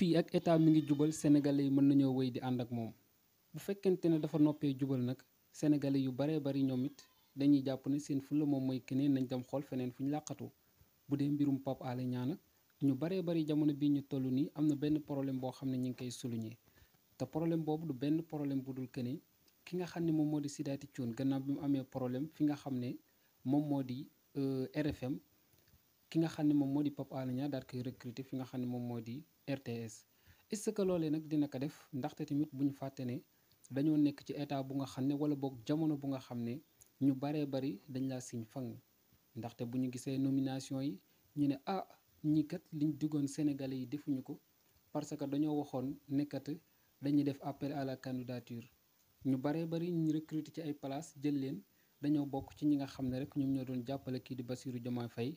fii ak état mu ngi jubal sénégalais yi mën nañoo wéy di ànd ak moom bu fekkente ne dafa noppee jubal nag sénégalais yu baree bari ñoom it dañuy jàpp ne seen fulla moom mooy keneen nañ dem xool feneen fu ñu làqatu bu dee mbirum Pape Alé Niang ñu baree bari jamono bii ñu toll nii am na benn problème boo xam ne ñu ngi koy souligner te problème boobu du benn problème bu dul keneen ki nga xam ne moom moo di Sidaty Thioune gannaaw bi mu amee problème fi nga xam ne moom moo di euh, RFM ki nga xam ne moom moo di pop Alé Niang daal koy recruter fi nga xam ne moom moo di RTS est-ce que loolee nag dina ko def ndaxte tamit bu ñu fàtte ne dañoo nekk ci état bu nga xam ne wala boog jamono bu nga xam ne ñu baree bari dañ laa siñ fang ndaxte bu ñu gisee nomination yi ñu ne ah ñi kat liñ diggoon Sénégalais yi defuñu ko parce que dañoo waxoon nekkat dañuy def appel à la candidature ñu baree bari ñu recruter ci ay places jël leen dañoo bokk ci ñi nga xam ne rek ñoom ñoo doon jàppale kii di Bassirou Diomaye Faye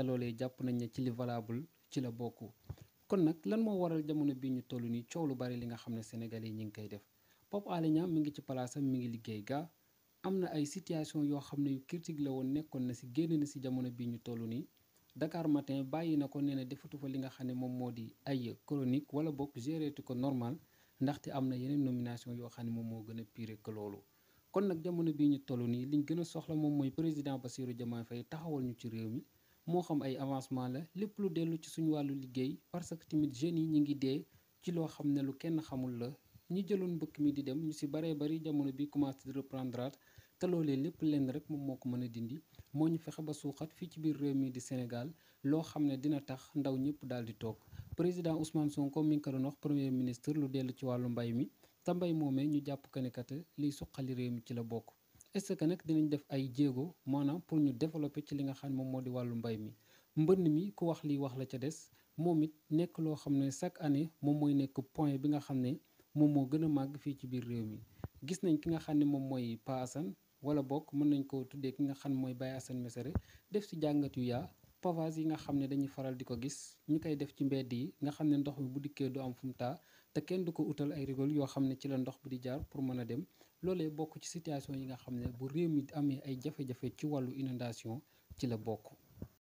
te loolee jàpp nañ ne ci li valable ci la bokk kon nag lan moo waral jamono bii ñu toll nii coow lu bari li nga xam ne sénégalais yi ñu ngi koy def Pape Alé Niang mi ngi ci palaasam mi ngi liggéey gaa am na ay situation yoo xam ne yu critique la woon nekkoon na si génn na si jamono bii ñu toll nii Dakar Matin bàyyi na ko nee na defatu fa li nga xam ne moom moo di ay chronique wala bokk gérétu ko normal ndaxte am na yeneen nomination yoo xam ne moom moo gën a pire que loolu kon nag jamono bii ñu toll nii liñ gën a soxla moom mooy président Bassirou Diomaye Faye taxawal ñu ci réew mi moo xam ay avancement la lépp lu dellu ci suñu wàllu liggéey parce que tamit jeunes yi ñu ngi dee ci loo xam ne lu kenn xamul la ñi jëloon mbëkk mi di dem ñu si baree bari jamono bi commencé di reprendre te loolee lépp lenn rek moom moo ko mën a dindi moo ñu fexe ba suuxat fii ci biir réew mi di Sénégal loo xam ne dina tax ndaw ñëpp daal di toog président Ousmane Sonko mi ngi ko doon wax premier ministre lu dellu ci wàllu mbay mi te mbay moomee ñu jàpp que ne kat liy suqali réew mi ci la bokk. est-ce que nag dinañ def ay jéego maanaam pour ñu développer ci li nga xam moom moo di wàllu mbay mi mbënn mi ku wax lii wax la ca des moom it nekk loo xam ne chaque année moom mooy nekk point bi nga xam ne moom moo gën a màgg fii ci biir réew mi gis nañ ki nga xam ne moom mooy Pa Assane wala bokk mën nañ ko tuddee ki nga xam mooy Baye Assane Mesere def si jàngat yu yaa pavage yi nga xam ne dañuy faral di ko gis ñu koy def ci mbedd yi nga xam ne ndox mi bu dikkee du am fu mu te kenn du ko utal ay rigole yoo xam ne ci la ndox bi di jaar pour mën a dem loolee bokk ci situation yi nga xam ne bu réew mi amee ay jafe-jafe ci wàllu inondation ci la bokk